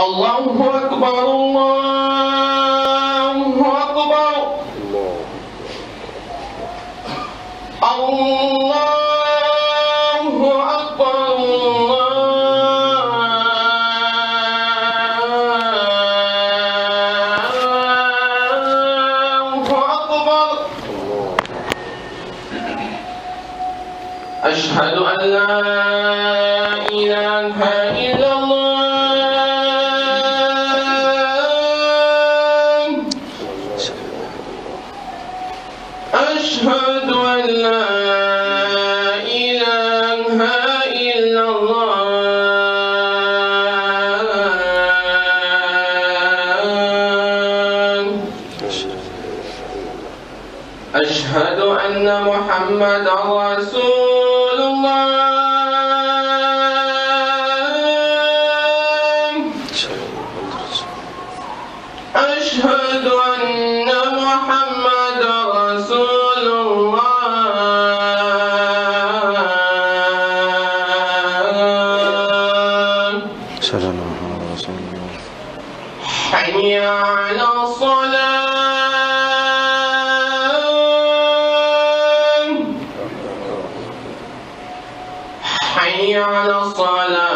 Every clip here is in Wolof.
الله أكبر الله على الصلاة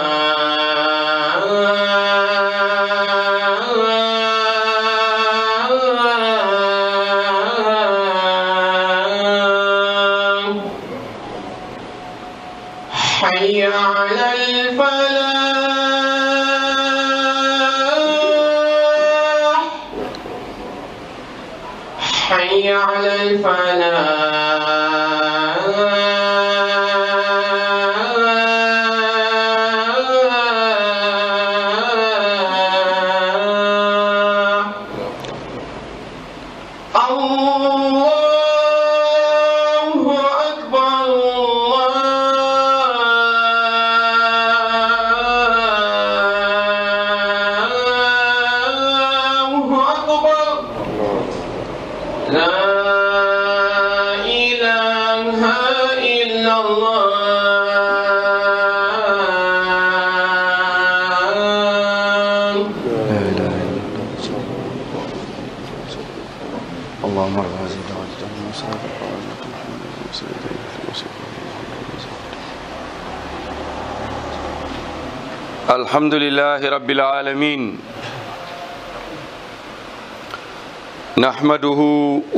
الحمد لله رب العالمين نحمده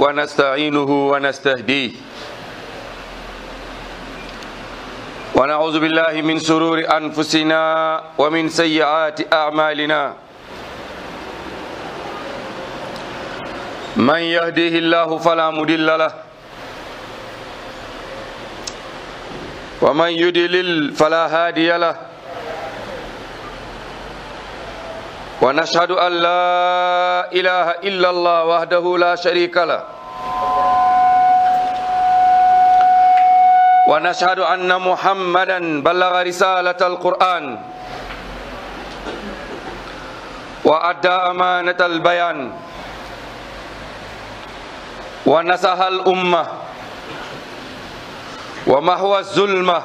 ونستعينه ونستهديه ونعوذ بالله من شرور أنفسنا ومن سيئات أعمالنا من يهديه الله فلا مضل له ومن يضلل فلا هادي له ونشهد أن لا إله إلا الله وحده لا شريك له ونشهد أن محمدا بلغ رسالة القرآن وأدى أمانة البيان ونصح الأمة ومحو الظلمة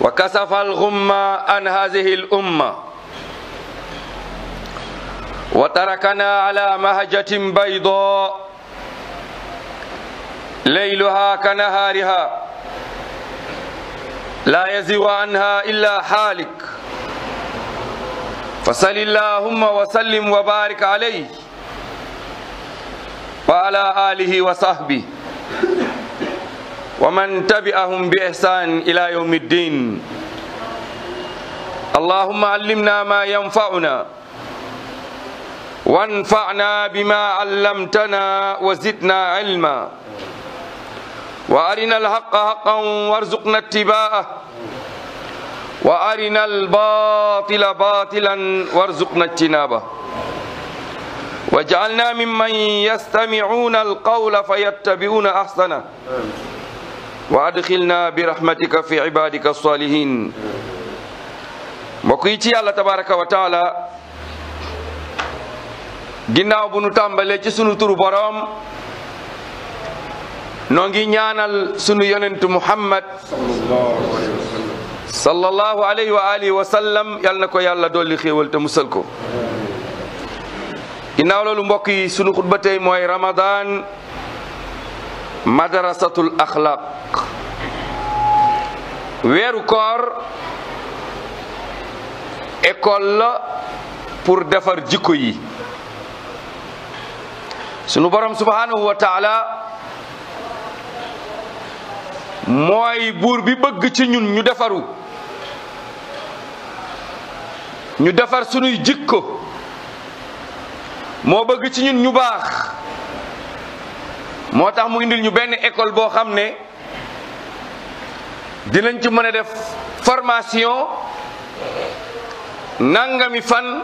وكسف الغمة عن هذه الأمة وتركنا على مهجة بيضاء ليلها كنهارها لا يزيغ عنها إلا حالك فصل اللهم وسلم وبارك عليه وعلى آله وصحبه ومن تبعهم بإحسان إلى يوم الدين اللهم علمنا ما ينفعنا وانفعنا بما علمتنا وزدنا علما وارنا الحق حقا وارزقنا اتباعه وارنا الباطل باطلا وارزقنا اجتنابه واجعلنا ممن يستمعون القول فيتبعون احسنه وادخلنا برحمتك في عبادك الصالحين mbokk yi ci yàlla tabaraka wa taala ginnaaw bu nu tàmbalee ci sunu turu boroom noo ngi ñaanal sunu yonentu muhammad sallallahu alayhi wa alihi yal na ko yàlla dolli xéewal te musal ko ginnaaw loolu mbokk yi sunu xutba mooy ramadan madrasatul axlaq weeru koor école la pour defar jikko yi sunu borom subhanahu wa taala mooy buur bi bëgg ci ñun ñu defaru ñu defar sunuy jikko moo bëgg ci ñun ñu baax moo tax mu indil ñu benn école boo xam ne dinañ ci mën a def formation nangami fan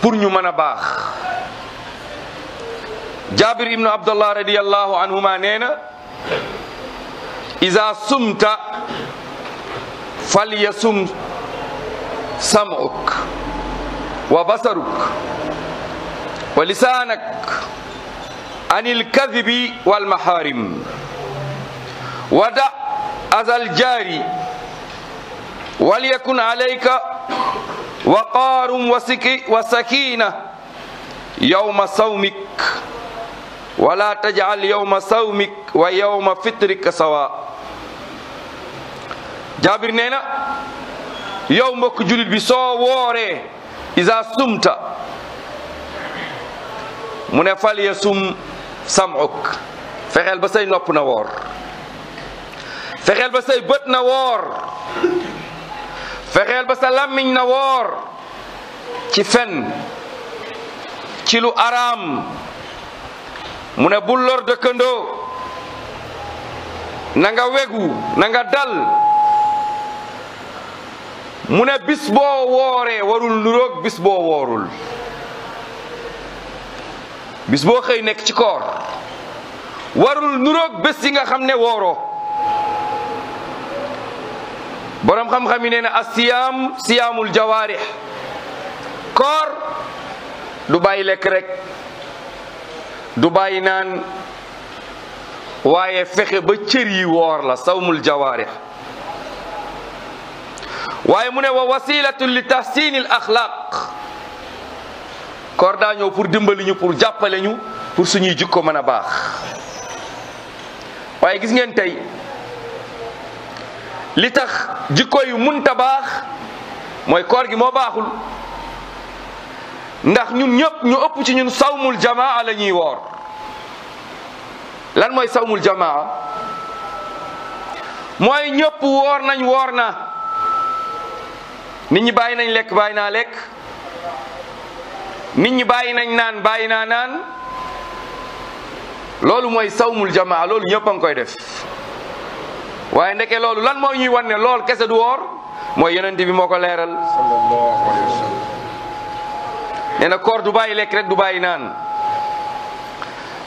pour ñu mën a baax jabir ibnu abdullah radiallahu anhuma nee na isa sumta falyasum sam'uk wa basaruk wa lisanak an ilkadibi walmaharim wa da azal jaari walyakun alayka waqaarun wa sakina yawma sawmik wala tajal yawma sawmik wa yawma fitrik sawa jaabir nee na yow mbokk julit bi soo wooree isa sumta mu ne fal ya sum samuk fexeel ba say nopp na woor fexeel ba say bët na woor fexeel ba sa làmmiñ na woor ci fen ci lu araam mu ne lor dëkkandoo na nga wegu dal mu ne bis boo wooree warul nuroog bis boo woorul bis boo xëy nekk ci koor warul nuroog bés yi nga xam ne wooroo boroom xam-xam yi nee na asiyaam siyaamul jawaarix koor du bàyyi lekk rek du bàyyi naan waaye fexe ba cër yi woor la sawmul jawaarix waaye mu ne wa wasilatu li tahsini al axlaq koor daa ñëw pour dimbali ñu pour jàppale ñu pour suñuy jikko mën a baax waaye gis ngeen tey li tax jikko yu munta baax mooy koor gi moo baaxul ndax ñun ñëpp ñu ëpp ci ñun sawmul jamaa la ñuy woor lan mooy sawmul jamaa mooy ñëpp woor nañ woor na nit ñi bàyyi nañ lekk bàyyi naa lekk nit ñi bàyyi nañ naan bàyyi naa naan loolu mooy sawmul jamaa loolu ñëpp a ngi koy def waaye ndeke loolu lan mooy ñuy wan lool kese du woor mooy yonent bi moo ko leeral nee na koor du lekk rek du bàyyi naan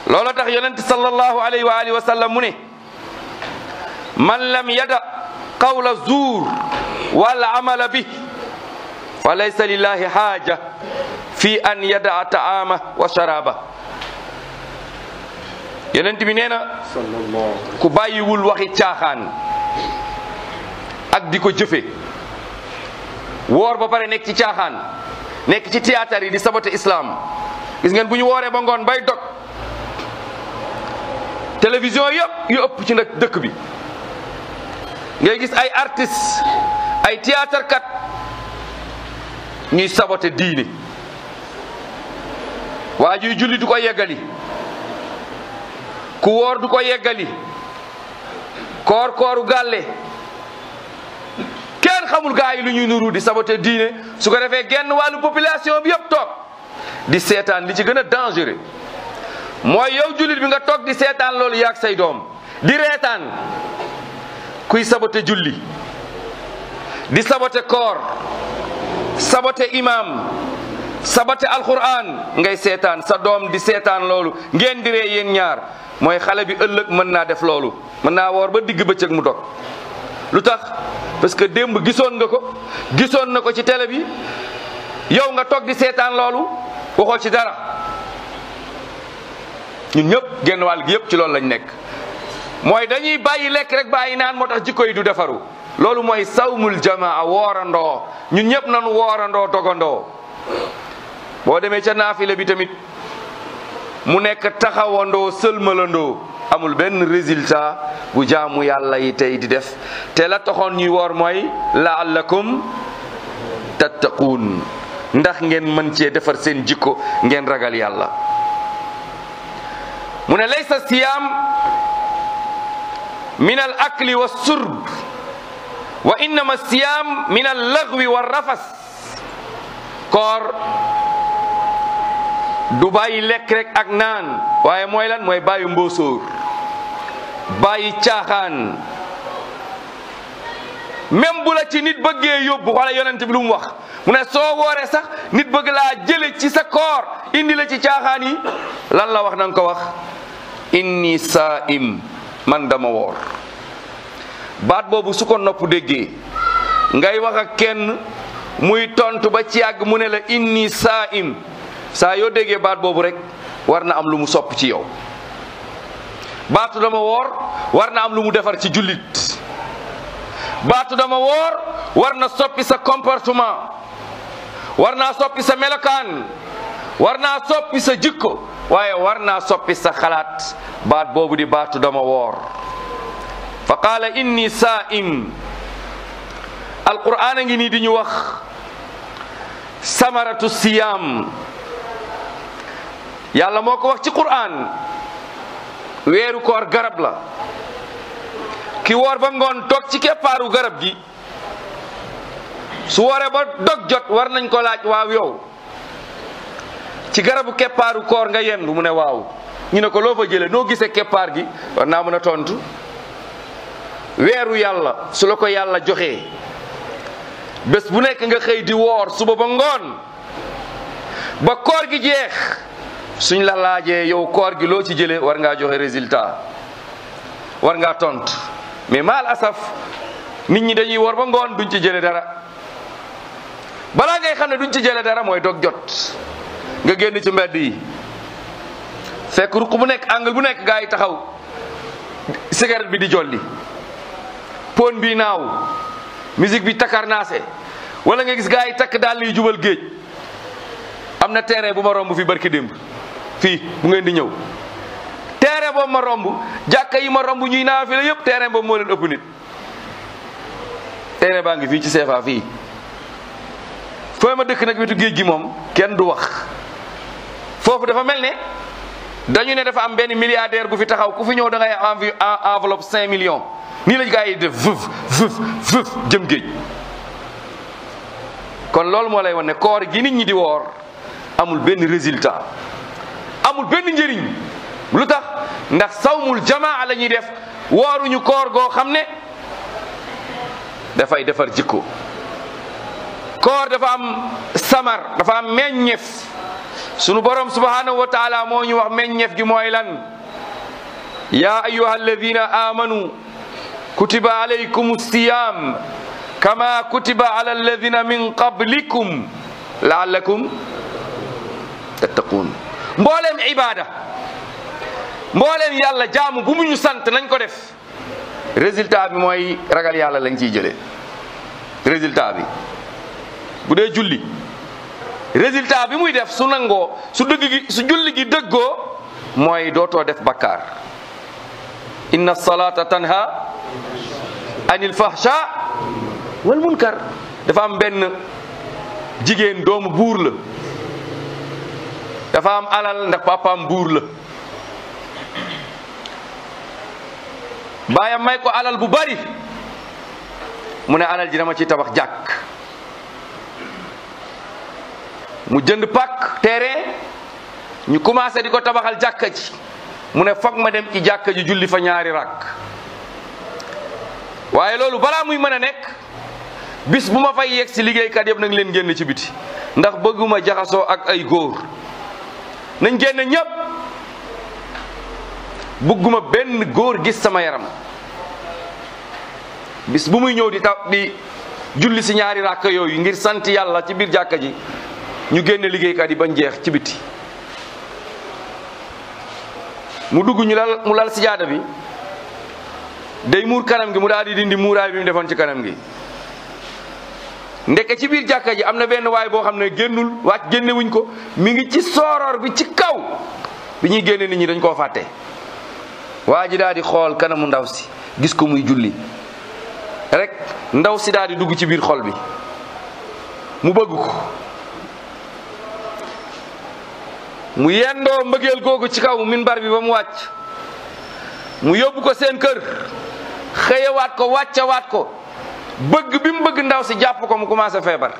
loola tax yonent sallallahu alayhi wa alihi mu ne man lam yada qawla zuur wal amala bi fa laysa lillahi haaja fi an yada taama wa sharaba yonent bi nee na ku bàyyiwul waxi caaxaan ak di ko jëfe woor ba pare nekk ci caaxaan nekk ci théâtre yi di saboter islam gis ngeen bu ñu wooree ba ngoon bay dog télévision yëpp yu ëpp ci nag dëkk bi ngay gis ay artistes ay théâtre kat ñuy saboter diine waa juy julli du ko yeggali ku woor du ko yeggali koor kooru gàlle kenn xamul gaa yi lu ñuy nuru di saboté diine su ko defee genn wàllu population bi yëpp toog di seetaan li ci gën a dangereux mooy yow jullit bi nga toog di seetaan loolu yaag say doom di reetaan kuy saboté julli di saboté koor saboté imam saboté alquran ngay seetaan sa doom di seetaan loolu ngeen di ree yéen ñaar mooy xale bi ëllëg mën naa def loolu mën naa woor ba digg bëccëg mu dog lu tax parce que démb gisoon nga ko gisoon na ko ci télé bi yow nga toog di seetaan loolu waxoo ci dara ñu ñëpp genn wàll gi yëpp ci loolu lañ nekk mooy dañuy bàyyi lekk rek bàyyi naan moo tax jikko yi du defaru loolu mooy sawmul jamaa woorandoo ñu ñëpp nanu woorandoo dogandoo boo demee ca naafile bi tamit mu nekk taxawandoo sëlmalandoo amul benn résultat bu jaamu yàlla yi tey di def te la toxoon ñuy wor mooy laallakum tattaquun ndax ngeen mën cee defar seen jikko ngeen ragal yàlla mu ne laysa siyaam min al akli wa surb wa innama siyaam min al wa rafas koor du bàyyi lekk rek ak naan waaye mooy lan mooy bàyyi mbóosóor bàyyi caaxaan même bu la ci nit bëggee yóbbu wala yonent bi lu mu wax mu ne soo wooree sax nit bëgg laa jële ci sa koor indi la ci caaxaan yi lan la wax na ko wax inni saa'im man dama woor baat boobu su ko nopp déggee ngay wax ak kenn muy tontu ba ci àgg mu ne la inni im saa yoo déggee baat boobu rek war na am lu mu sopp ci yow baatu dama woor war na am lu mu defar ci jullit baatu dama woor war na soppi sa comportement war naa soppi sa melokaan war naa soppi sa jikko waaye war naa soppi sa xalaat baat boobu di baatu dama woor fa qaala inni saa'im alqur'aan a ngi nii di ñu wax samaratu siyaam yàlla moo ko wax ci quraan weeru koor garab la ki woor ba ngoon toog ci keppaaru garab gi su wooree ba dog jot war nañ ko laaj waaw yow ci garabu keppaaru koor nga yendu mu ne waaw ñu ne ko loo fa jëlee noo gisee keppaar gi war naa mën a tontu weeru yàlla su la ko yàlla joxee bés bu nekk nga xëy di woor suba ba ngoon ba koor gi jeex suñ la laajee yow koor gi loo ci jëlee war ngaa joxe résultat war ngaa tontu mais maal saf nit ñi dañuy wor ba ngoon duñ ci jëlee dara balaa ngay xam ne duñ ci jëlee dara mooy dog jot nga génn ci mbedd yi fekk ruq bu nekk angle bu nekk gaa yi taxaw cigarette bi di jolli pon bi naaw musique bi takarnaase wala nga gis gaa yi takk daal yi jubal géej am na terrain bu ma romb fi barki démb fii bu ngeen di ñëw terrain boobu ma romb jàkka yi ma romb ñuy naa fi la yëpp terrain boobu moo leen ëpp nit terrain baa ngi fii ci CFA fii foo ma dëkk nag wetu géej gi moom kenn du wax foofu dafa mel ne dañu ne dafa am benn milliardaire bu fi taxaw ku fi ñëw da ngay envi enveloppe 5 millions nii lañ gaa yi def vuf vuf jëm géej kon loolu moo lay wan ne koor gi nit ñi di woor amul benn résultat amul benn njëriñ lu tax ndax sawmul jamaa la ñuy def wooruñu koor goo xam ne dafay defar jikko koor dafa am samar dafa am meññeef sunu borom subhanahu wa taala moo ñu wax meññeef gi mooy lan ya ayuha alladina amanu kutiba alaykum siyam kama kutiba ala alladina min qablikum laallakum tattaquun mbooleem ibaada mbooleem yàlla jaamu bu mu ñu sant nañ ko def résultat bi mooy ragal yàlla lañ ciy jëlee résultat bi bu dee julli résultat bi muy def su nangoo su dëgg gi su julli gi dëggoo mooy dootoo def bakkaar inna salata tanha anil fahsha wal munkar dafa am benn jigéen doomu buur la dafa am alal ndax papaam buur la baayam may ko alal bu bari mu ne alal ji dama ci tabax jàkk mu jënd pak terrain ñu commencé di ko tabaxal jàkka ji mu ne foog ma dem ci jàkka ji julli fa ñaari rakk waaye loolu balaa muy mën a nekk bis bu ma fay yegg si liggéeykat yëpp nag leen génn ci biti ndax bëgguma jaxasoo ak ay góor nañ génn ñépp bugguma benn góor gis sama yaram bis bu muy ñëw di ta di julli si ñaari ràkk yooyu ngir sant yàlla ci biir jàkka ji ñu génn liggéeykat yi bañ jeex ci biti mu dugg ñu lal mu lal sijaada bi day muur kanam gi mu daal di dindi muuraay bi mu defoon ci kanam gi ndekke ci biir jàkka ji am na benn waay boo xam ne génnul wàcc génnewuñ ko mi ngi ci sooroor bi ci kaw bi ñuy génne nit ñi dañ koo fàtte waa ji daal xool kanamu ndaw si gis ko muy julli rek ndaw si daal dugg ci biir xool bi mu bëgg ko mu yendoo mbëggeel googu ci kaw minbar bi ba mu wàcc mu yóbbu ko seen kër xëyewaat ko wàccawaat ko bëgg bi mu bëgg ndaw si jàpp ko mu commencé feebar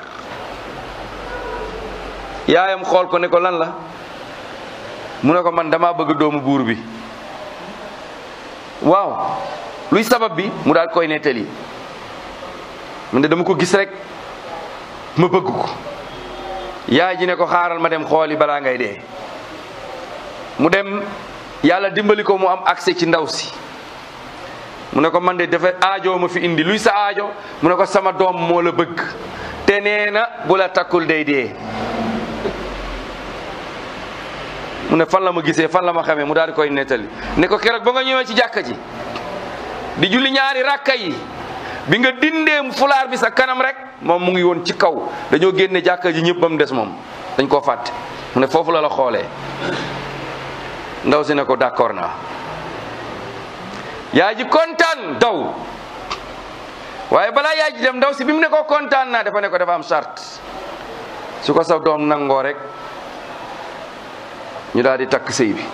yaayam xool ko ne ko lan la mu ne ko man damaa bëgg doomu buur bi waaw luy sabab bi mu daal koy nettali mu ne dama ko gis rek ma bëgg ko yaay ji ne ko xaaral ma dem xooli balaa ngay dee mu dem yàlla dimbali ko mu am accès ci ndaw si mu ne ko man de dafa aajo ma fi indi luy sa aajo mu ne ko sama doom moo la bëgg te nee na bu la takkul day dee mu ne fan la ma gisee fan la ma xamee mu daal di koy nettali ne ko keroog ba nga ñëwee ci jàkka ji di julli ñaari rakka yi bi nga dindee fulaar bi sa kanam rek moom mu ngi woon ci kaw dañoo génne jàkka ji ñëpp des moom dañ koo fàtte mu ne foofu la la xoolee ndaw si ne ko d'accord naa yaay ji kontaan daw waaye balaa yaay ji dem ndaw si bi mu ne ko kontaan naa dafa ne ko dafa am charte su ko sa doom nangoo rek ñu daal di takk sëy bi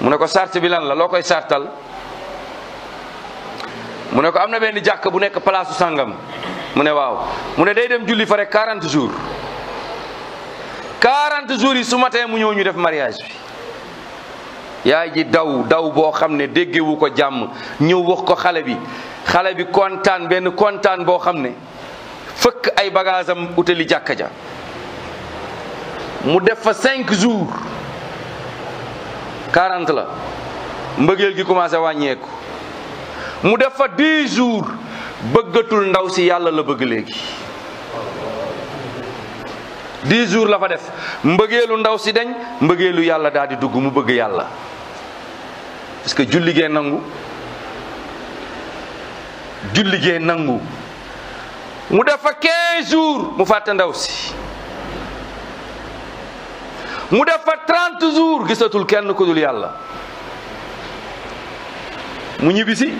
mu ne ko charte bi lan la loo koy sartal mu ne ko am na benn jàkk bu nekk palaasu sàngam mu ne waaw mu ne day dem julli fa quarante 40 jours 40 jours yi su matee mu ñëw ñu def mariage bi yaay ji daw daw boo xam ne déggewu ko jàmm ñëw wax ko xale bi xale bi kontaan benn kontaan boo xam ne fëkk ay bagaasam utali jàkka ja mu def fa cinq jours quarante la mbëggeel gi commencé wàññeeku mu def fa dix jours bëggatul ndaw si yàlla la bëgg léegi dix jours la fa def mbëggeelu ndaw si dañ mbëggeelu yàlla daal di dugg mu bëgg yàlla parce que julli gee nangu julli gee nangu mu def fa quinze jours mu fàtte ndaw si mu def fa trente jours gisatul kenn ku yàlla mu ñibbisi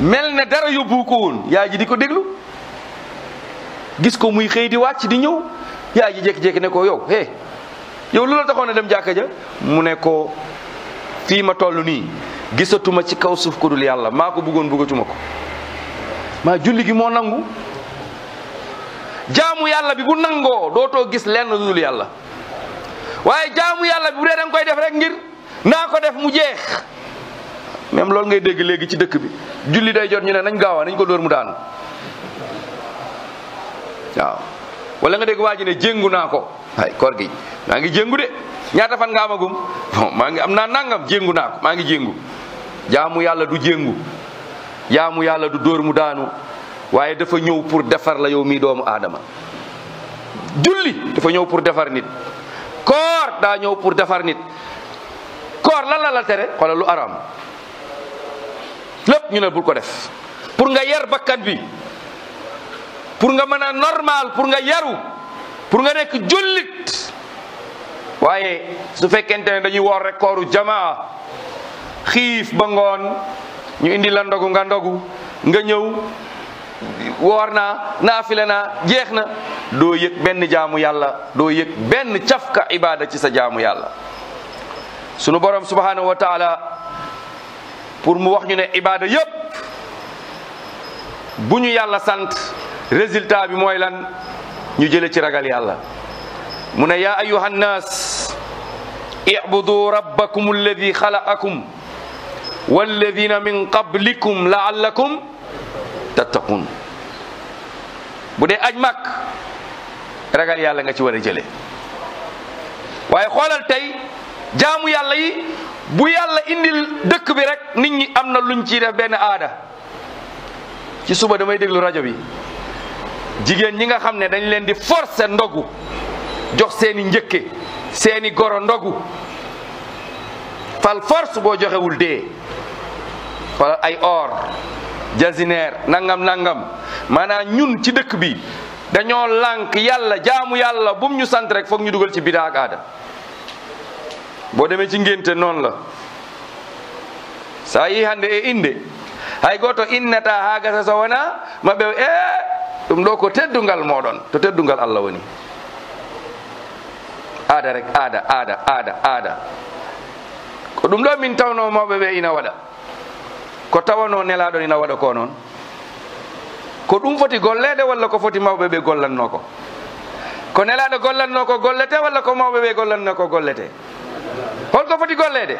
mel ne dara yóbbu ko woon yaay ji di ko déglu gis ko muy xëy di wàcc di ñëw yaay ji jékki-jékki ne ko yow hey yow lu la taxoon a dem jàkk ja mu ne ko fii ma toll nii gisatuma ci kaw suuf ku dul yàlla maa ko bëggoon bëggatuma ko maa julli gi moo nangu jaamu yàlla bi bu nangoo dootoo gis lenn lu dul yàlla waaye jaamu yàlla bi bu dee danga koy def rek ngir naa ko def mu jeex même loolu ngay dégg léegi ci dëkk bi julli day jot ñu ne nañ gaawaa nañ ko door mu daanu waaw wala nga dégg waa ji ne jéngu naa ko ay koor gi maa ngi jéngu de ñaata fan nga amagum maa ngi am naa nangam jéngu naa ko maa ngi jéngu jaamu yàlla du jéngu jaamu yàlla du dóor mu daanu waaye dafa ñëw pour defar la yow mii doomu aadama julli dafa ñëw pour defar nit koor daa ñëw pour defar nit koor lan la la tere xoolal lu araam lépp ñu ne bul ko def pour nga yar bakkan bi pour nga mën a normal pour nga yaru pour nga nekk jullit waaye su fekkente ne dañuy woor rek kooru jamaa xiif ba ngoon ñu indi la ndogu nga ndogu nga ñëw woor na naafile naa jeex na doo yëg benn jaamu yàlla doo yëg benn cafka ibaada ci sa jaamu yàlla sunu borom subhanahu wa pour mu wax ñu ne ibaada yépp bu ñu yàlla sant résultat bi mooy lan ñu jële ci ragal yàlla mu ne yaa ayuha nnaas ibudu rabbakum alladi xalaqakum walladina min qablikum laallakum tattaqun bu dee aj màkk ragal yàlla nga ci war a jële waaye xoolal tey jaamu yàlla yi bu yàlla indil dëkk bi rek nit ñi am na luñ ciy benn aada ci suba damay déglu rajo bi jigéen ñi nga xam ne dañ leen di forcer ndogu jox seeni njëkke seeni goro ndogu fal force boo joxewul dee wala ay or jasineer nangam nangam maanaam ñun ci dëkk bi dañoo lànk yàlla jaamu yàlla bum ñu sant rek foog ñu dugal ci bidaa ak boo demee ci ngénte noonu la saa yi hande e inde hay goto innata ha gasa so wona maɓe e eh, ɗum ɗo ko teddugal moɗon to teddugal allah woni aada rek aada ko ɗum ɗo min tawno mawɓe ɓe ina waɗa ko tawano nelaɗon ina waɗa ko noon ko ɗum foti gollede walla ko foti mawɓe ɓe gollanno ko nelaɗo gollanno gollete walla ko mawɓe ɓe gollanno ko gollete holko foti gollede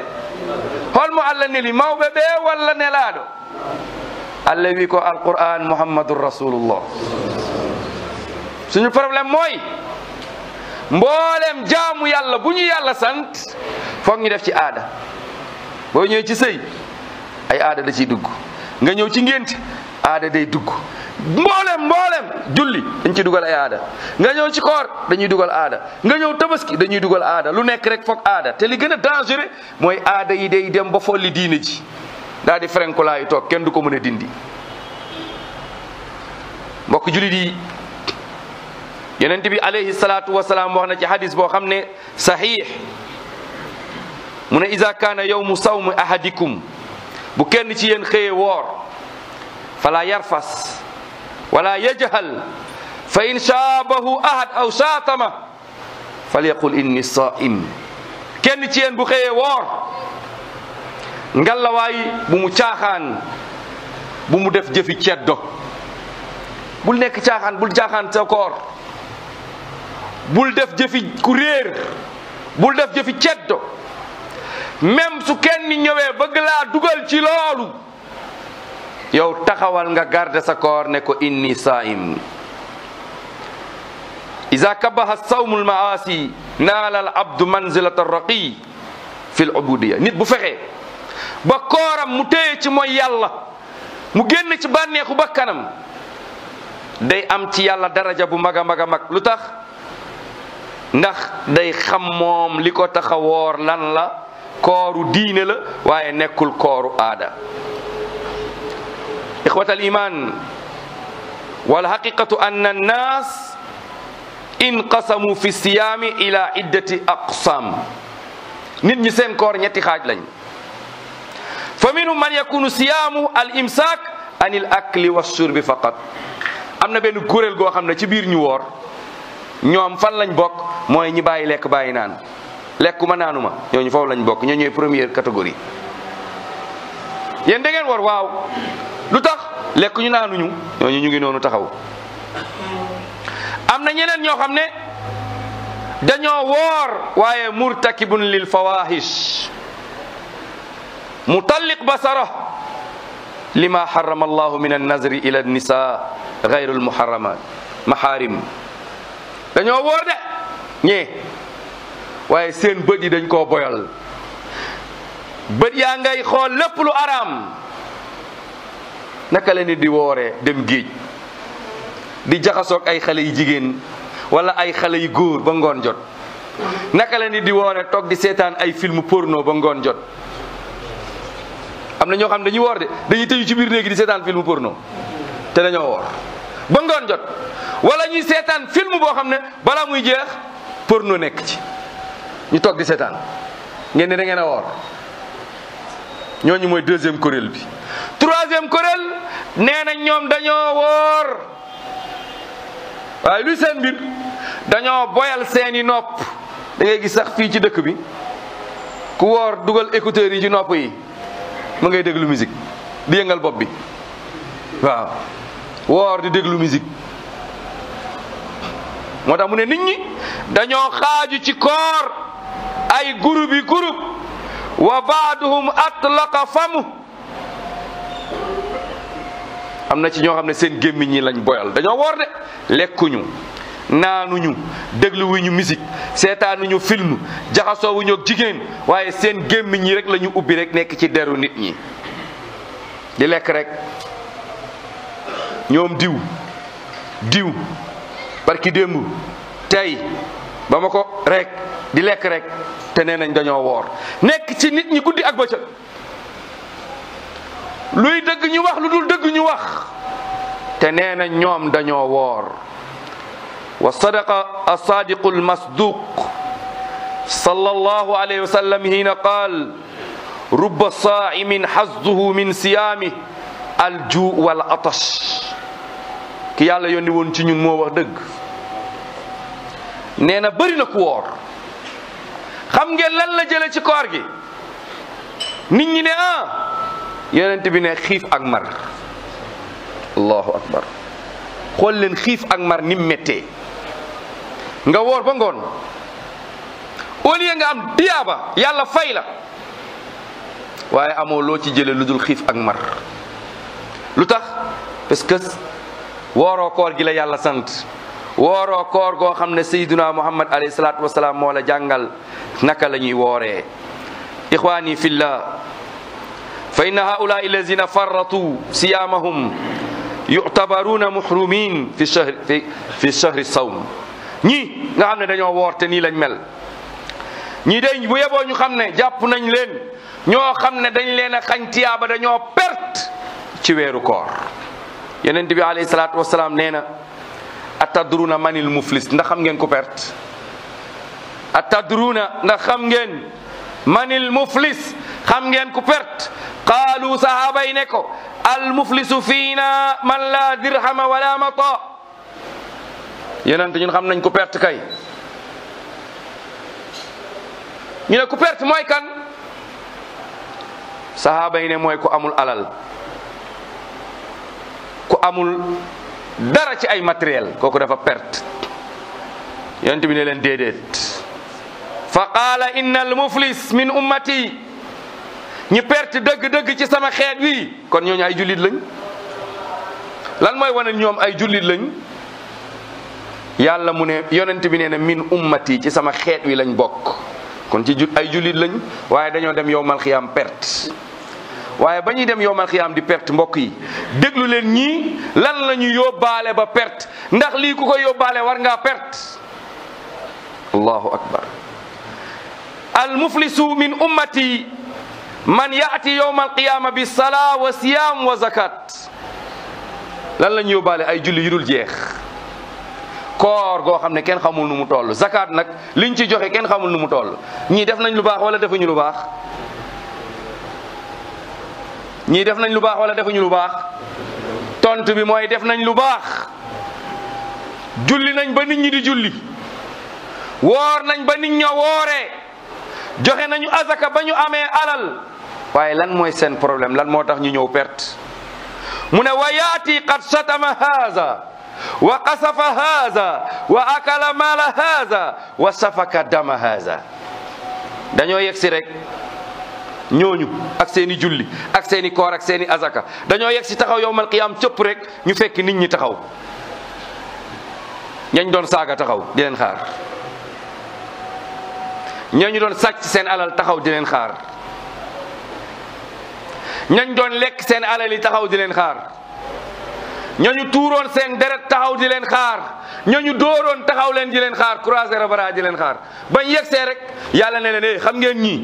holmo allah neli mawɓe ɓe walla nelaɗo allah wi ko alquran muhammadun rasulullah suñu problème mooy mboolem jaamu yàlla bu ñuy yàlla sant foog ñu def ci aada boo ñëwee ci sëy ay aada da ciy dugg nga ñëw ci ngénte aada day dugg mboolem mboolem julli dañ ci dugal ay aada nga ñëw ci koor dañuy dugal aada nga ñëw tabaski dañuy dugal aada lu nekk rek foog aada te li gën a dangereux mooy aada yi day dem ba folli diine ji daal di kenn du ko mën a dindi mbokk julit yi yonent bi alayhi salaatu wasalaam wax na ci boo xam ne saxiix mu ne iza kaana yowmu sawmi ahadikum bu kenn ci yéen xëye woor fala yarfas wala yajhal fa in shaabahu ahad aw shaatama falyaqul inni saim kenn ci yéen bu xëyee woor ngalawaay bu mu caaxaan bu mu def jëfi ceddo bul nekk caaxaan bul caaxaan sa koor bul def jëfi ku réer bul def jëfi ceddo même su kenn ñëwee ba laa dugal ci loolu yow taxawal nga garde sa koor ne ko inni saim ida kabaha sawmu lmaasi naala al abdu manzilata raqi fi l ubudiya nit bu fexee ba kooram mu téye ci mooy yàlla mu génn ci bànneexu bakkanam day am ci yàlla daraja bu mag a mag a mag lu tax ndax day xam moom li ko tax a woor lan la kooru diine la waaye nekkul kooru aada ixwat al iman wal xaqiqatu ann annaas inqasamu fi siyaami ila iddati aqsam nit ñi seen koor ñetti xaaj lañ fa minhum man yakunu siyaamu al imsaak anil akli wassurbi faqat am na benn kuréel goo xam ne ci biir ñu woor ñoom fan lañ bokk mooy ñi bàyyi lekk bàyyi naan lekkuma naanuma ñooñu foofu lañu bokk ñoo ñooy première catégorie yéen da ngeen woor waaw lu tax lekk ñu naanuñu ñooñu ñu ngi noonu taxaw am na ñeneen ñoo xam ne dañoo woor waaye murtakibun lil fawahish mu talliq basara lima harrama allahu min annazri ila nisa gayrul muharramat maharim dañoo wóor de ñee waaye seen bët yi dañ koo boyal bët yaa ngay xool lépp lu araam naka la nit di wooree dem géej di jaxasoog ay xale yu jigéen walla ay xale yu góor ba ngoon jot naka la di woore toog di seetaan ay film porno ba ngoon jot am na ñoo xam ne dañuy woor de dañuy tëju ci biir néegi di seetaan film porno te dañoo woor ba ngoon jot walla ñuy seetaan film boo xam ne balaa muy jeex porno nekk ci ñu toog di seetaan ngeen ne dangeen ngeen a woor ñooñu mooy deuxième kuréel bi troisième kuréel nee na ñoom dañoo woor waaye luy seen mbir dañoo boyal seeni nopp da ngay gis sax fii ci dëkk bi ku woor dugal écouteurs yi ci nopp yi ma ngay déglu musique di yëngal bopp bi waaw woor di déglu musique moo tax mu ne nit ñi dañoo xaaju ci koor ay groupe yi wa baaduhum atlaqa famu am na ci ñoo xam ne seen gémmiñ ñi lañ boyal dañoo woor de lekkuñu naanuñu dégluwuñu musique seetaanuñu film jaxasoowuñu ak jigéen waaye seen gémmiñ ñi rek la ubbi rek nekk ci deru nit ñi di lekk rekk ñoom diw diw parki démb tey ba ma ko rekk di lekk rekk te nee nañ dañoo woor nekk ci nit ñi guddi ak bëccëg luy dëgg ñu wax lu dul dëgg ñu wax te nee na ñoom dañoo woor wa sadaqa as-saadiqu al-masduuq sallallahu alayhi wa qaal rubba saa'imin hazzuhu min siyaamihi al-juu' wal ki yàlla yónni won ci ñun moo wax dëgg nee na bëri na ku woor xam ngeen lan la jële ci koor gi nit ñi ne ah yonent bi ne xiif ak mar akbar xool leen xiif ak mar ni mu nga woor ba ngoon au lieu nga am tiyaaba yàlla fay la waaye amoo loo ci jële lu dul xiif ak mar lu tax parce que wooroo koor gi la yàlla sant wooroo koor goo xam ne sayyiduna muhammad alayhi salaatu wasalaam moo la jàngal naka la ñuy wooree ixwaani fillah fa inna haulaai allazina farratu siyaamahum yuctabaruuna muhrumin fi shahri fi shahri sawm ñii nga xam ne dañoo woor te nii lañ mel ñii day bu yeboo ñu xam ne jàpp nañ leen ñoo xam ne dañ leen a xañ tiyaaba dañoo pert ci weeru koor yonent bi alayhi salaatu wasalaam nee na atadruna manil muflis ndax xam ngeen ko perte atadruna ndax xam ngeen manil muflis xam ngeen ku perte qaalu sahaaba yi ne ko al muflisu fiina man la dirhama wala mata yonent ñun xam nañ ku perte kay ñu ne ku perte mooy kan saxaaba yi ne mooy ku amul alal ku amul dara ci ay matériel kooku dafa perte yonent bi ne leen déedéet fa qaala inna al muflis min ummati ñi perte dëgg-dëgg ci sama xeet wi kon ñooñu ay jullit lañ lan mooy wane ñoom ay jullit lañ yàlla mu ne yonent bi nee na min ummati ci sama xeet wi lañ bokk kon ci ay jullit lañ waaye dañoo dem yowmal xiyaam perte waaye ba ñuy dem yowmal xiyaam di perte mbokk yi déglu leen ñii lan lañu ñu ba perte ndax lii ku ko yóbbaale war ngaa perte allahu akbar al muflisu min ummati man yaati yowmal qiyaama bi wa siyaam wa zakat lan lañu ñu ay julli yu dul jeex koor goo xam ne kenn xamul nu mu toll zakat nag liñ ci joxe kenn xamul nu mu toll ñii def nañ lu baax wala defuñu lu baax ñii def nañ lu baax wala defuñu lu baax tontu bi mooy def nañ lu baax julli nañ ba nit ñi di julli woor nañ ba nit ña wooree joxe nañu azaka ba ñu amee alal waaye lan mooy seen problème lan moo tax ñu ñëw perte mu ne wayaati qad satama haza wa qasafa haza wa akala mala wa safaka dama haza dañoo yegg si rek ñooñu ak seeni i julli ak seen i koor ak seen azaka dañoo yegg si taxaw yowmal qiyaam cëpp rek ñu fekk nit ñi taxaw ñañ doon saaga taxaw di leen xaar ñañu doon sàcc seen alal taxaw di leen xaar ñañ doon lekk seen alal yi taxaw di leen xaar ñooñu tuuroon seen deret taxaw di leen xaar ñooñu dooroon taxaw leen di leen xaar croisé rabara di leen xaar bañ yegsee rek yàlla ne leen eh, xam ngeen ñii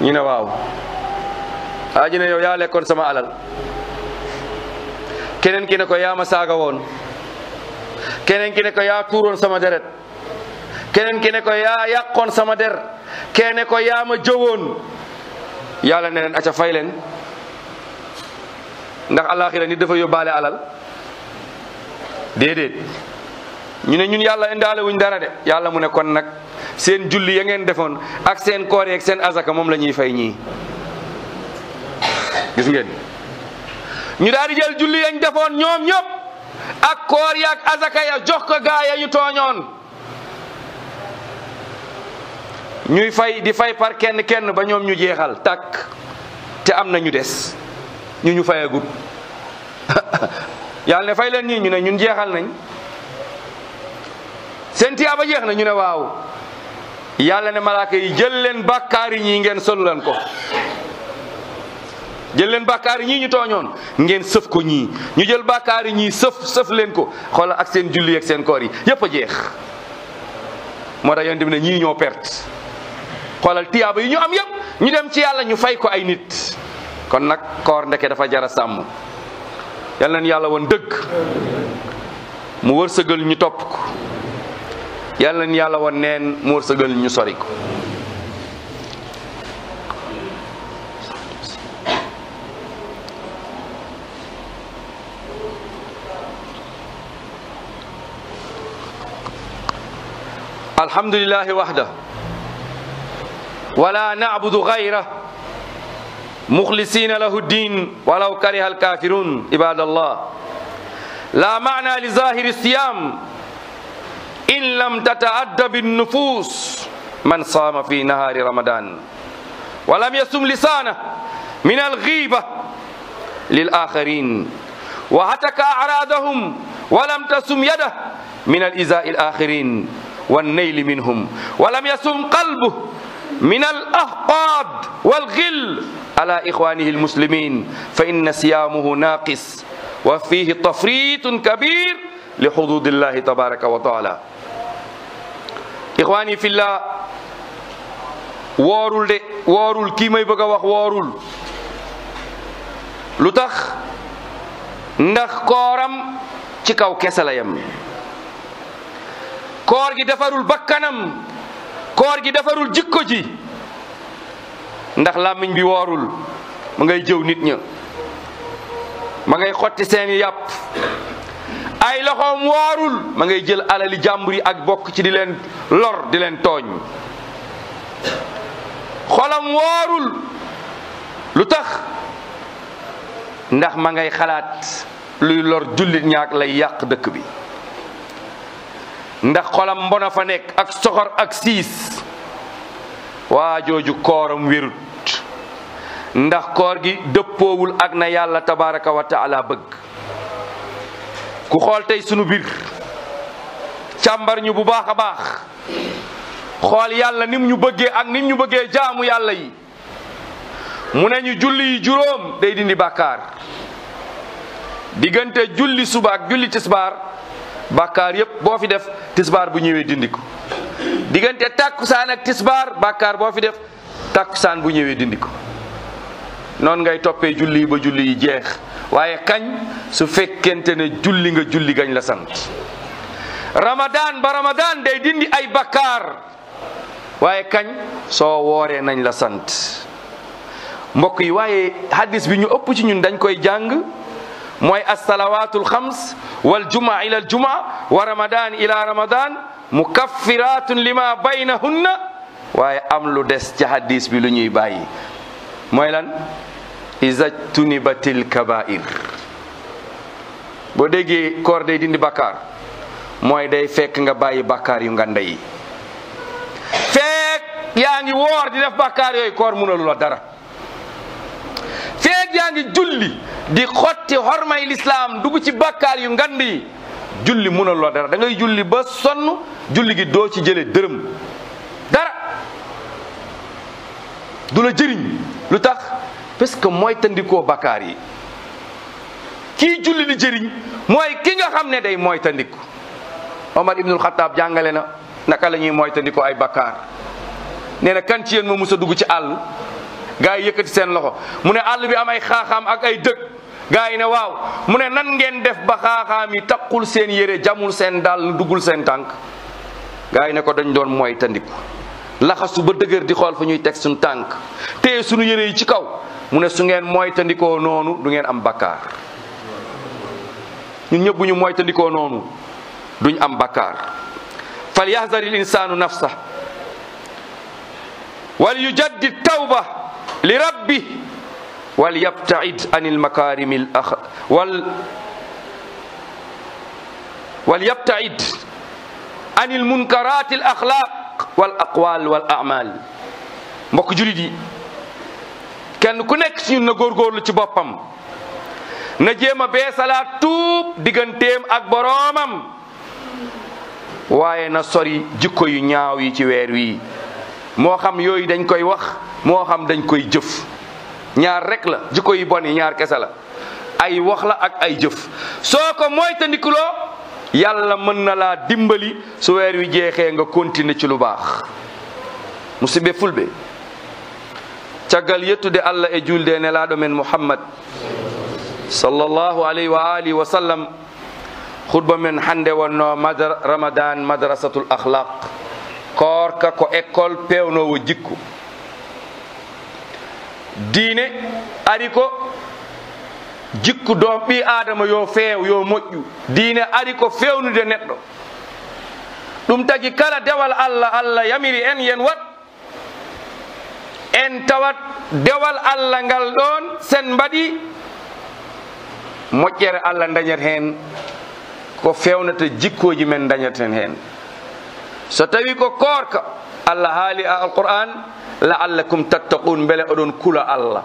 ñu ne waaw aji ne yow yaa lekkoon sama alal keneen ki ne ko yaa ma saaga woon keneen ki ne ko yaa tuuroon sama deret keneen ki ne ko yaa yàqoon sama der keneen ko yaa ma jëwoon yàlla ne leen aca fay leen ndax àllaaxira nit dafa yóbbaale alal déedéet ñu ne ñun yàlla indaale dara de yàlla mu ne kon nag seen julli ya ngeen defoon ak seen koor yeeg seen azaka moom la ñuy fay ñii gis ngeen ñu daal di jël julli yañ defoon ñoom ñëpp ak koor azaka ya jox ko gaa ya ñu tooñoon ñuy fay di fay par kenn kenn ba ñoom ñu jeexal takk te am na ñu des ñu ñu fayagut yàlla ne fay leen ñii ñu ne ñun jeexal nañ seen tiyaaba jeex na ñu ne waaw yàlla ne malaaka yi jël leen bàkkaar yi ñii ngeen solu leen ko jël leen bàkkaar yi ñii ñu tooñoon ngeen sëf ko ñii ñu jël bàkkaar yi ñii sëf sëf leen ko xoola ak seen julli ak seen koor yi yépp a jeex moo tax yonent na ne ñii ñoo perte xoolal tiyaaba yi ñu am yépp ñu dem ci yàlla ñu fay ko ay nit kon nag koor ndeke dafa jara sàmm yal na yàlla woon dëgg mu wërsëgal ñu topp ko yal na yàlla woon neen mu wërsëgal ñu sori ko alhamdulillahi wahda wala na'budu ghayra muxlisiina lahu diin walaw kariha alkaafiruun ibadallah laa maana li zahiri siyaam in lam tataadda binnufus man saama fi nahaari ramadan wa lam yasum lisaana min alxiiba lil aaxirin wa hataka acraadahum wa lam tasum yada min alizaai alaaxirin wannayli minhum wa lam yasum qalbu min alahqaad walxil ala ixwanihi almuslimin fa inna siyaamuhu naaqis wa fihi tafritun kabir li xududillahi tabaraka wa taala ixwani fillah woorul de woorul kii may bëgg a wax woorul lu tax ndax kooram ci kaw kese la yem koor gi defarul bakkanam koor gi defarul jikko ji ndax làmmiñ bi woorul ma ngay jëw nit ña ma ngay xotti seeni yàpp ay loxoom woorul ma ngay jël alali jàmbur yi ak bokk ci di leen lor di leen tooñ xolam woorul lu tax ndax ma ngay xalaat luy lor jullit ñaak lay yàq dëkk bi ndax xolam mbona fa nekk ak soxor ak siis waa jooju kooram wérut ndax koor gi dëppoowul ak na yàlla tabaraka wa taala bëgg ku xool tey sunu biir càmbar ñu bu baax a baax xool yàlla nim ñu bëggee ak nim ñu bëggee jaamu yàlla yi mu ne ñu julli yi juróom day dindi bàkkaar diggante julli suba ak julli tisbaar bàkkaar yépp boo fi def tisbaar bu ñëwee dindi ko diggante tàkkusaan ak tisbaar bàkkaar boo fi def tàkkusaan bu ñëwee dindi ko noonu ngay toppee julli ba julli jeex waaye kañ su fekkente ne julli nga julli gañ la sant ramadan ba ramadan day dindi ay bakkaar waaye kañ soo wooree nañ la sant mbokk yi waaye hadis bi ñu ëpp ci ñun dañ koy jàng mooy assalawaatul xams wal jumaa ila al jumaa wa ramadan ila ramadan mukaffiratun lima baynahunna waaye am lu des ci hadis bi lu ñuy bàyyi mooy lan izajtunibatil kabair boo déggee koor day dindi bakkaar mooy day fekk nga bàyyi bakkaar yu ngande yi fekk yaa ngi woor di def bakkaar yooyu koor mënalu la dara fekk yaa ngi julli di xotti hormay lislaam dugg ci bakkaar yu ngande yi julli mënalu la dara da julli ba sonn julli gi doo ci jële dërëm dara du la jëriñ lu tax parce que mooy tandikoo bakkaar yi kii julli di jëriñ mooy ki nga xam ne day moytandiku tandiku Omar ibnul Xataab jàngale na naka lañuy ñuy ay bakkaar nee na kan ci yéen moo mus a dugg ci àll gaa yi yëkkati seen loxo mu ne àll bi am ay xaaxaam ak ay dëkk gaa yi ne waaw mu ne nan ngeen def ba xaaxaam yi takkul seen yére jamul seen dàll duggul seen tànk gaa yi ne ko dañ doon moytandiku laxasu ba dëgër di xool fa ñuy teg suñu tànk téye suñu yére yi ci kaw mu ne su ngeen moytandikoo noonu du ngeen am bakkaar ñu ñëpp bu moytandikoo noonu duñ am bakkaar fal yahzaril insaanu nafsa wal yujaddid tawba li rabbi wal yabtaid anil makarimil akh wal wal yabtaid anil munkaratil axlaq wal aqwaal wal amal mbokk julit yi kenn ku nekk si ñun na góorgóorlu ci boppam na jéem a beesalaat tuub digganteem ak boroomam waaye na sori jikko yu ñaaw yi ci weer wii moo xam yooyu dañ koy wax moo xam dañ koy jëf ñaar rek la jikko yi bon yi ñaar kese la ay wax la ak ay jëf soo ko moytandikuloo yàlla mën na laa dimbali suweer wi jeexee nga continuer ci lu baax musibe fulɓe caggal yettude allah e julde nelaɗo men mouhammad sallllahu alayhi wa alihi wa sallam hutba men hande wonno madar ramadan madrasatul korka ko école pewnowo jikku diine ari jikku doom ɓi adama yo feew yo moƴƴu diine ari ko fewnude neɗɗo ɗum tagi kala dewal allah allah yamiri en yen wat en tawat dewal allah ngal ɗon sen mbaɗi moƴƴere allah dañat hen ko fewnata jikkoji men dañat hen so tawi ko koorka allah haali alquran laallakum tattaqun beele oɗon kula allah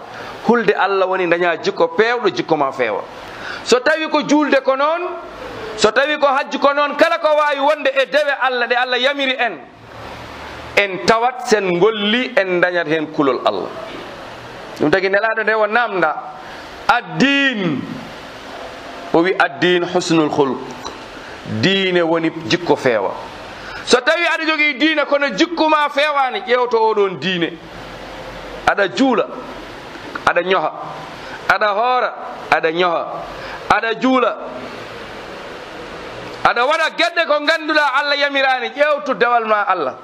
hulde allah woni daña jikko pewɗo jikko ma feewa so tawi ko juulde ko noon so tawi ko hajju ko noon kala ko wawi wonde e dewe allah ɗe allah yamiri en en tawat sen golli en dañat hen kulol allah ɗum tagui nelaɗo nde wo addin o wi addin husnul hulq diine woni jikko feewa so tawi aɗa jogii diine kono jikkuma feewaani ƴeewto oɗon diine aɗa juula aɗa ñoha aɗa hoora aɗa ñoha aɗa juula aɗa waɗa geɗɗe ko ngannduɗa allah yamirani ƴewtu dewal ma allah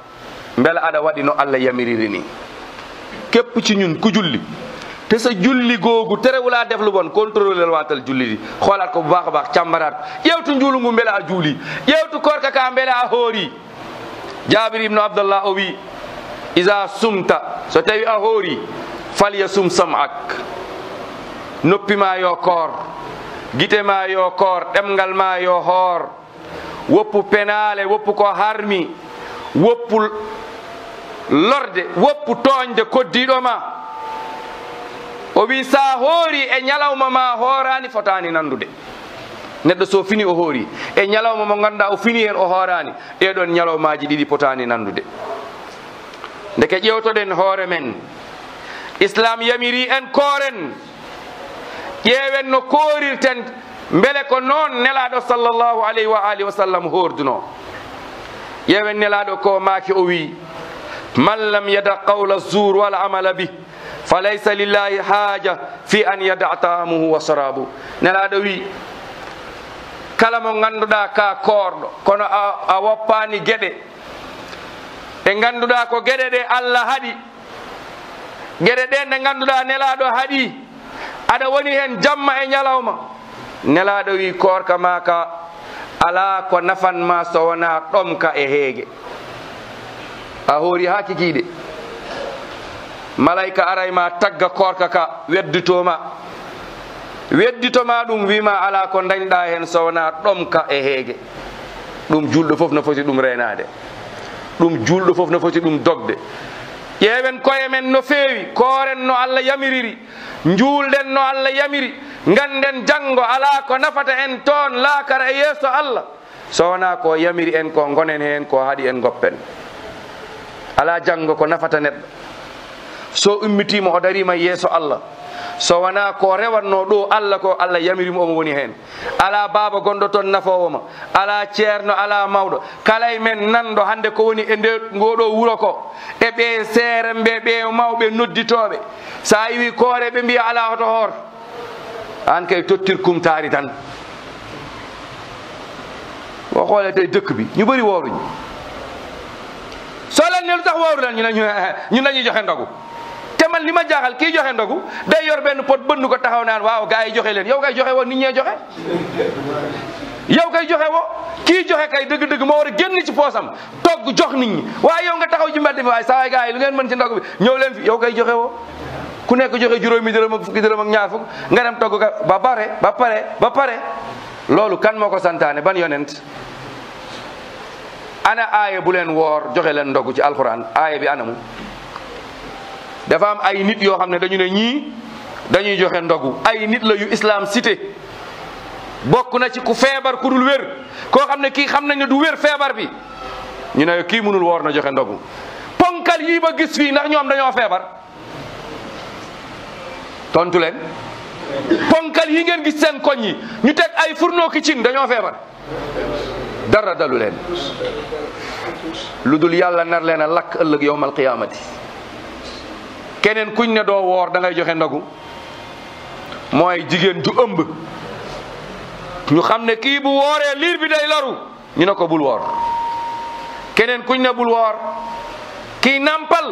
beela aɗa waɗi no allah yamiriri ni keppuci ñun ku julli te sa julli googu terewula def lu bon contrôle waatal julli di xoolaat ko bu baax a baax càmbaraat ko ƴewtu a juuli ƴewtu korka ka mbela a hoori jabir ibnu abdallah o wi isa sumta so tawi a hoori falya sum sam'ak noppi ma yo koor gite ma yo koor ɗemgal ma yo hoor woppu penale woppu ko harmi woppu lorde woppu toñde koddiɗo ma o wi sa hoori e ñalawma ma hoorani fotani nandude neɗɗo so fini o hoori e ñalawma mo ganduɗa o fini hen o hoorani e ɗeɗon ñalawmaji ɗiɗi potani nandude deke ƴewtoɗen hoore men islam yamiri en kooren ƴeewen no koorirten mbele ko noon nelaɗo sallllahu alayhi wa alihi wa sallam hoorduno ƴeewen nelaɗo ko maake o wi man lam yada qawla zour wal amala bih fa laysa lillahi haaja fi an yada taamuhu wa sarabu nelaɗo wi kala mo ganduɗa ka koorɗo kono a woppani gueɗe ɗe ganduɗa ko gueɗe ɗe allah haaɗi gueɗe ɗen ɗe ganduɗa nelaɗo haaɗi aɗa woni hen jamma e ñalawma nelaɗo wi korka ma ka ala ko nafanma so wona ɗomka e heege a hoori ha kikiɗe malayka arayma tagga korka ka weddutoma wedditoma ɗum wima ala ko dañɗa hen sowna ɗomka e heege ɗum julɗo foof no ɗum renade ɗum julɗo foof no ɗum dogde ƴeewen koye men no feewi kooren no allah yamiriri njuulden no allah yamiri ngannden janngo alaa ko nafata en toon laakara e yeeso allah so ko yamiri en ko ngonen heen ko haɗi en goppen alaa janngo ko nafata neɗɗo so ummitiima o dariima yeeso allah so wona ko rewanno ɗo allah ko allah yamirimo omo woni hen ala baaba gonɗo toon nafowo ma ala ceerno ala mawɗo kala men nanɗo hande ko woni e nde ngoɗo wuuro ko e ɓe seeren ɓe ɓe mawɓe nodditoɓe sa yiwi koore ɓe mbiya ala hoto hoor an tottir kumtaari tan o xoolete e dëkk bi ñu bëri wooruñu soo leen ne lu tax wooru leen ñu ne eh, ñu ne man li ma jaaxal kii joxe ndogu day yor benn pot bënn ko taxaw naan waaw gaa yi joxe leen yow kay joxe woo nit ñee joxe yow kay joxe woo kii joxe kay dëgg-dëgg moo war a génn ci poosam togg jox nit ñi waaye yow nga taxaw ci mbedd mi waaye saa waay yi lu ngeen mën ci ndogu bi ñëw leen fi yow kay joxe wo ku nekk joxe juróomi dërëm ak fukki dërëm ak ñaar fukk nga dem togg ka ba pare ba pare ba pare loolu kan moo ko santaane ban yonent ana aaya bu leen woor joxe leen ndogu ci alxuraan aaya bi anamu dafa am ay nit yoo xam ne dañu ne ñii dañuy joxe ndogu ay nit la yu islam cité bokk na ci ku feebar ku dul wér koo xam ne kii xam nañ ne du wér feebar bi ñu ne kii mënul woor na joxe ndogu ponkal yii ba gis fii ndax ñoom dañoo feebar tontu leen ponkal yi ngeen gis seen koñ yi ñu teg ay fourneau kitchen dañoo feebar dara dalu leen lu dul yàlla nar leen a lakk ëllëg yowmal qiyaamati keneen kuñ ne doo woor da joxe ndogu mooy jigéen ju ëmb ñu xam ne kii bu wooree liir bi day loru ñu ne ko bul woor keneen kuñ ne bul woor kii nàmpal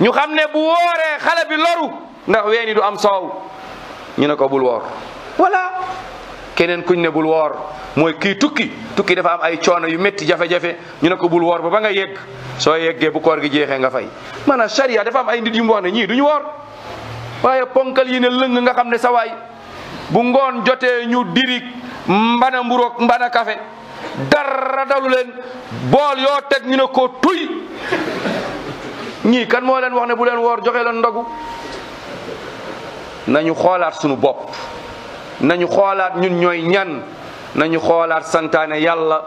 ñu xam ne bu wooree xale bi loru ndax weeni du am soow ñu ne ko bul woor keneen kuñ ne bul woor mooy kii tukki tukki dafa am ay coono yu métti jafe-jafe ñu ne ko bul woor ba ba nga yegg soo yeggee bu koor gi jeexee nga fay a charia dafa am ay nit yu mu wax ne ñii duñu woor waaye ponkal yi ne lëng nga xam ne sawaay bu ngoon jotee ñu diri mbana mburoog mbana kafe dara dalu leen bool yoo teg ñu ne ko tuy ñii kan moo leen wax ne bu leen woor joxe leen ndogu nañu xoolaat sunu bopp nañu xoolaat ñun ñooy ñan nañu xoolaat santaane yàlla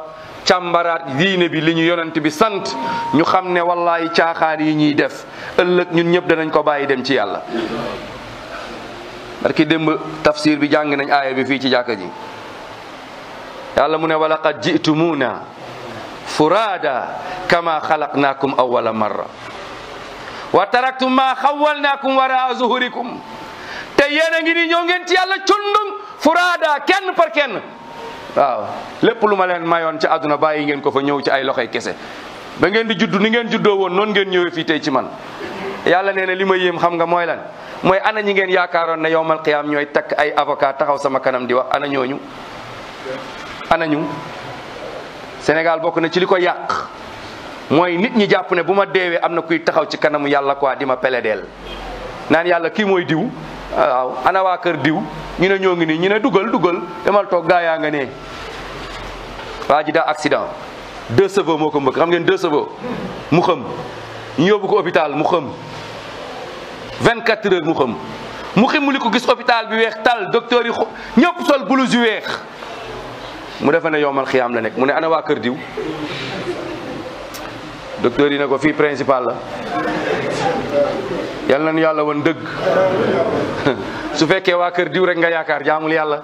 càmbaraat diine bi li ñu yonent bi sant ñu xam ne wallaahi caaxaan yi ñuy def ëllëg ñun ñëpp danañ ko bàyyi dem ci yàlla barki démb tafsir bi jàng nañ aaya bi fii ci jàkka ji yàlla mu ne wa laqad ji'tumuuna furaada kama xalaqnaakum awwala marra wa taraktum ma xawwalnaakum waraa zuhurikum tey yéen a ngi nii ñoo ngeen ci yàlla cundung furaada kenn par kenn waaw lépp lu ma leen mayoon ci ba yi ngeen ko fa ñëw ci ay loxoy kese ba ngeen di judd ni ngeen juddoo woon noonu ngeen ñëwee fii tey ci man yàlla nee na li ma yéem xam nga mooy lan mooy ana ñi ngeen yaakaaroon ne yowmal qiyaam ñooy takk ay avocat taxaw sama kanam di wax ana ñooñu ana ñu Sénégal bokk na ci li ko yàq mooy nit ñi jàpp ne bu ma deewee am na kuy taxaw ci kanamu yàlla quoi di ma peledeel naan yàlla kii mooy diw Ah, waaw ana waa kër diw ñu ne ñoo ngi nii ñu ne dugal dugal demal toog gaa yaa nga nee waa ji daa accident deux chevaux moo ko mbëkk xam ngeen deux chevaux mu xëm ñu yóbbu ko hôpital mu xëm 24 heures mu xëm mu xim ko gis hôpital bi weex tal docteur yi ñëpp sol blouse yu weex mu defe ne yomal xiyaam la nekk mu ne ana waa kër diw docteur yi ne ko fii principal la yal nañu yàlla woon dëgg su fekkee waa kër diw rek nga yaakaar jaamul yàlla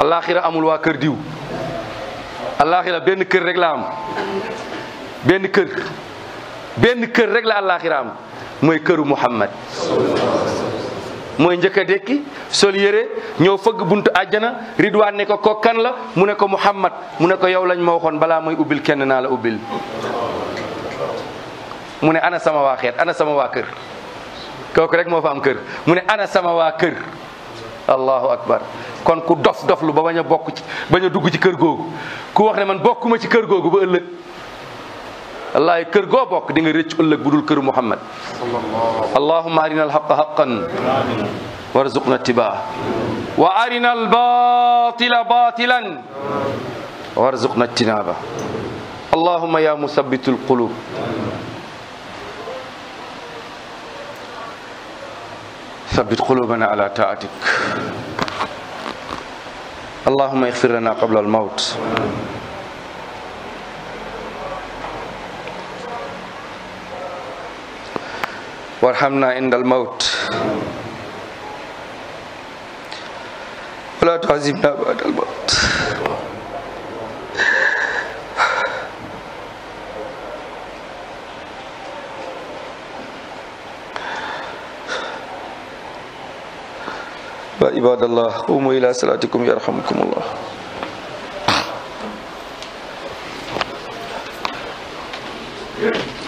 alaxira amul waa kër diw alaxira benn kër rek la am benn kër benn kër rek la alaxira am mooy këru Muhammad mooy njëkk a dekki sol yére ñëw fëgg buntu àjjana ridwaan ne ko kokkan la mu ne ko Muhammad mu ne ko yow lañ ma waxoon balaa mooy ubbil kenn naa la ubbil mu ne ana sama waa xeet ana sama waa kër rek moo fa am kër mu ne ana sama waa kër allahu akbar kon ku dof doflu ba bañ a bokk ci bañ a dugg ci kër googu ku wax ne man bokkuma ci kër googu ba ëllëg wallaahi kër goo bokk di nga rëcc ëllëg bu dul kër muhammad allahumma arina alhaqa haqan warzuqna ittibaa wa arina albatila batilan warzuqna ijtinaaba allahumma ya musabbitul qulub ثبت قلوبنا على طاعتك اللهم اغفر لنا قبل الموت وارحمنا عند الموت ولا تعذبنا بعد الموت wa ibadallah qumu ila salatikum yarhamukumullah Yeah.